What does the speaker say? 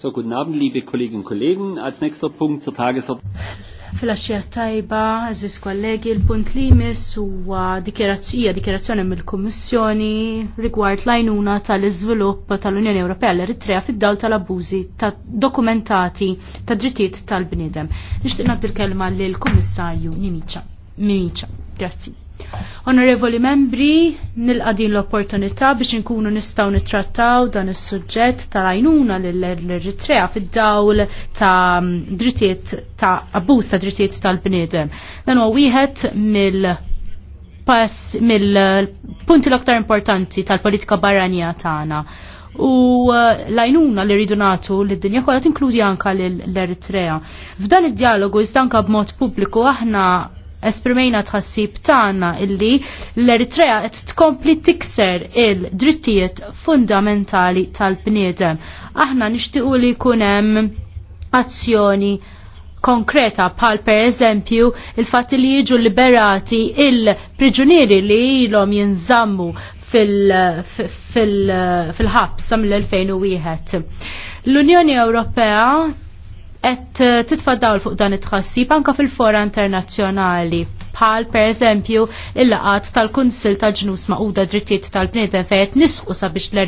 So, guten Abend, liebe Kolleginnen und Kollegen. Als nächster Punkt zur Tagesordnung. Fil-axxija tajba, eżis kollegi, il-punt li jmiss huwa dikjerazzija, dikjerazzjoni mill-Kummissjoni rigward lajnuna tal-iżvilupp tal-Unjoni Ewropea l-Eritrea fid-dawl tal-abbużi ta' dokumentati ta' drittijiet tal-bniedem. Nixtieq nagħti l-kelma lill-Kummissarju Mimiċa. Mimiċa, grazzi. Onorevoli membri, nilqa din l-opportunità biex inkunu nistaw nittrattaw dan is-suġġett tal-għajnuna l-Eritrea fid-dawl ta' drittijiet ta' abbuż ta' drittijiet tal-bniedem. Dan huwa wieħed mill pass mill-punti l-aktar importanti tal-politika barranija tagħna. U uh, lajnuna li rridu natu li d-dinja kolla tinkludi anka l-Eritrea. F'dan id-dialogu iżdanka b'mod pubbliku aħna esprimejna tħassib tagħna illi l-Eritrea qed tkompli tikser il-drittijiet fundamentali tal-bniedem. Aħna nixtiequ li jkun hemm azzjoni konkreta bħal per eżempju il-fatti li jiġu liberati il-priġunieri li ilhom jinżammu fil-ħabs fil, fil, fil, fil 2001 L-Unjoni Ewropea qed eh, titfaddaw fuq dan it-tħassib anka fil-fora internazzjonali bħal per eżempju il-laqat tal-Kunsil tal-ġnus maquda drittijiet tal-bniedem fejn qed nisqu sabiex